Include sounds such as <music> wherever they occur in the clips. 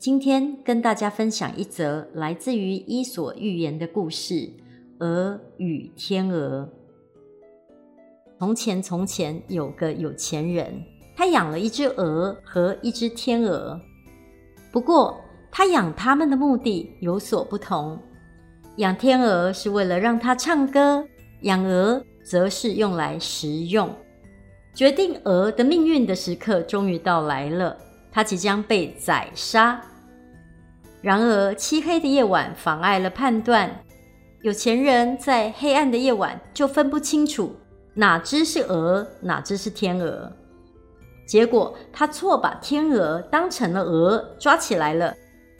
今天跟大家分享一則來自於《伊索寓言》的故事——《鵝與天鵝》。從前，從前有個有錢人，他養了一隻鵝和一隻天鵝。不過，他養它們的目的有所不同：養天鵝是為了讓它唱歌，養鵝則是用來食用。決定鵝的命運的時刻終於到來了。他即將被宰殺，然而漆黑的夜晚妨礙了判斷。有錢人在黑暗的夜晚就分不清楚哪隻是鵝，哪隻是天鵝。結果他錯把天鵝當成了鵝抓起來了，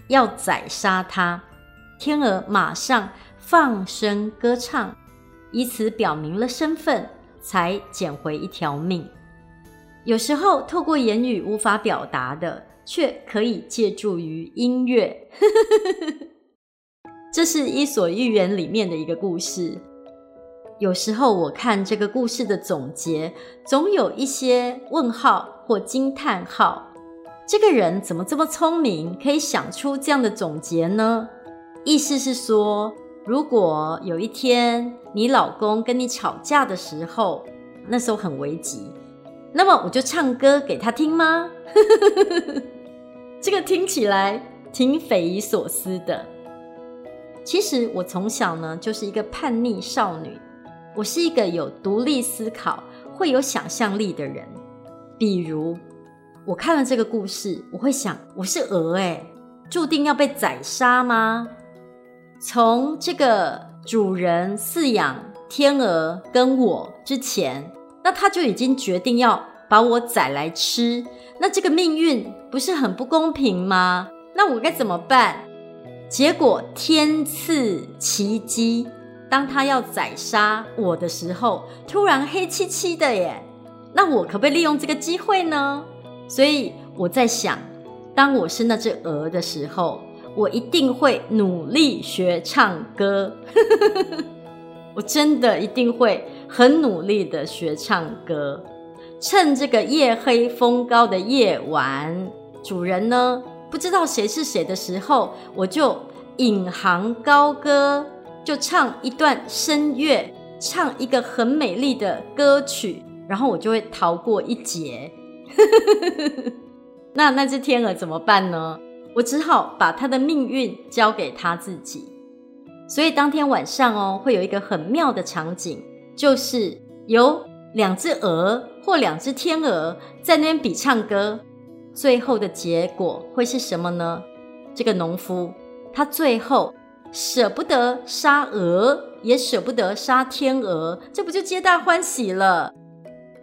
要宰殺它。天鵝馬上放聲歌唱，以此表明了身份，才撿回一條命。有時候，透過言語無法表達的，卻可以借助於音樂。 <laughs> 這是《伊索寓言》裡面的一個故事。有時候我看這個故事的總結，總有一些問號或驚嘆號。這個人怎麼這麼聰明，可以想出這樣的總結呢？意思是說，如果有一天你老公跟你吵架的時候，那時候很危急。那麼我就唱歌給他聽嗎？ <laughs> 這個聽起來挺匪夷所思的。其實我從小呢就是一個叛逆少女，我是一個有獨立思考、會有想象力的人。比如我看了這個故事，我會想：我是鵝誒，注定要被宰殺嗎？從這個主人飼養天鵝跟我之前。那他就已經決定要把我宰來吃，那這個命運不是很不公平嗎？那我該怎麼辦？結果天賜奇蹟，當他要宰殺我的時候，突然黑漆漆的耶！那我可不可以利用這個機會呢？所以我在想，當我是那隻鵝的時候，我一定會努力學唱歌， <laughs> 我真的一定會。很努力的學唱歌，趁這個夜黑風高的夜晚，主人呢，不知道誰是誰的時候，我就引吭高歌，就唱一段聲樂，唱一個很美麗的歌曲，然後我就會逃過一劫。 <laughs> 那那隻天鵝怎麼辦呢？我只好把它的命運交給他自己。所以當天晚上哦，會有一個很妙的場景。就是有兩隻鵝或兩隻天鵝在那邊比唱歌，最後的結果會是什麼呢？這個農夫他最後捨不得殺鵝，也捨不得殺天鵝，這不就皆大歡喜了？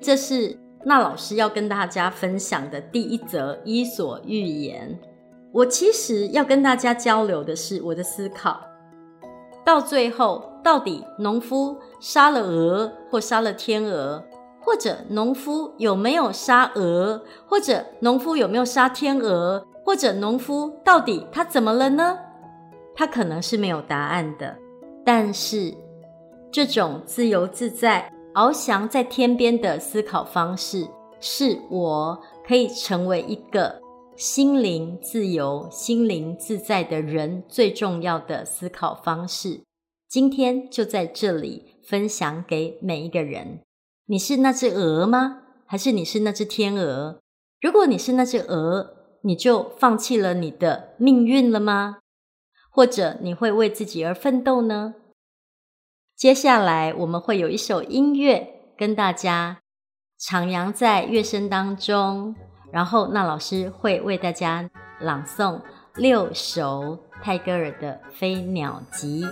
這是那老師要跟大家分享的第一則伊索寓言。我其實要跟大家交流的是我的思考。到最後，到底農夫殺了鵝，或殺了天鵝，或者農夫有沒有殺鵝，或者農夫有沒有殺天鵝，或者農夫到底他怎麼了呢？他可能是沒有答案的。但是，這種自由自在、翱翔在天邊的思考方式，是我可以成為一個。心靈自由、心靈自在的人最重要的思考方式，今天就在這裡分享給每一個人。你是那隻鵝嗎？還是你是那隻天鵝？如果你是那隻鵝，你就放棄了你的命運了嗎？或者你會為自己而奮鬥呢？接下來我們會有一首音樂，跟大家徜徉在樂聲當中。然後，那老師會為大家朗誦六首泰戈爾的《飛鳥集》。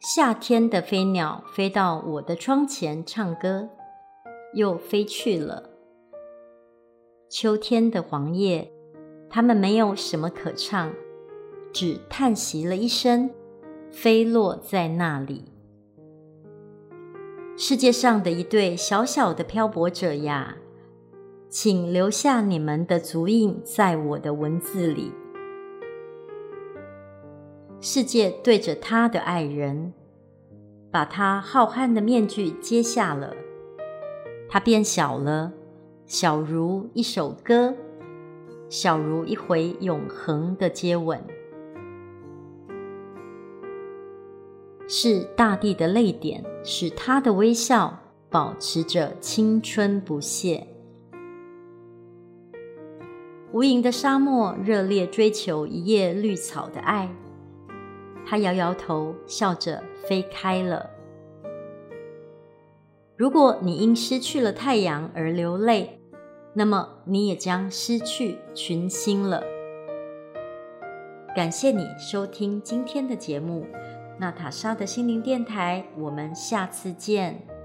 夏天的飛鳥飛到我的窗前唱歌，又飛去了。秋天的黃葉，它們沒有什麼可唱，只嘆息了一聲，飛落在那裡。世界上的一對小小的漂泊者呀，請留下你們的足印在我的文字裡。世界對着他的愛人，把他浩瀚的面具揭下了，他變小了，小如一首歌，小如一回永恆的接吻。是大地的淚點，使他的微笑保持着青春不謝。無垠的沙漠熱烈追求一葉綠草的愛。他搖搖頭，笑着飛開了。如果你因失去了太陽而流淚，那麼你也將失去群星了。感謝你收聽今天的節目，娜塔莎的心靈電台，我們下次見。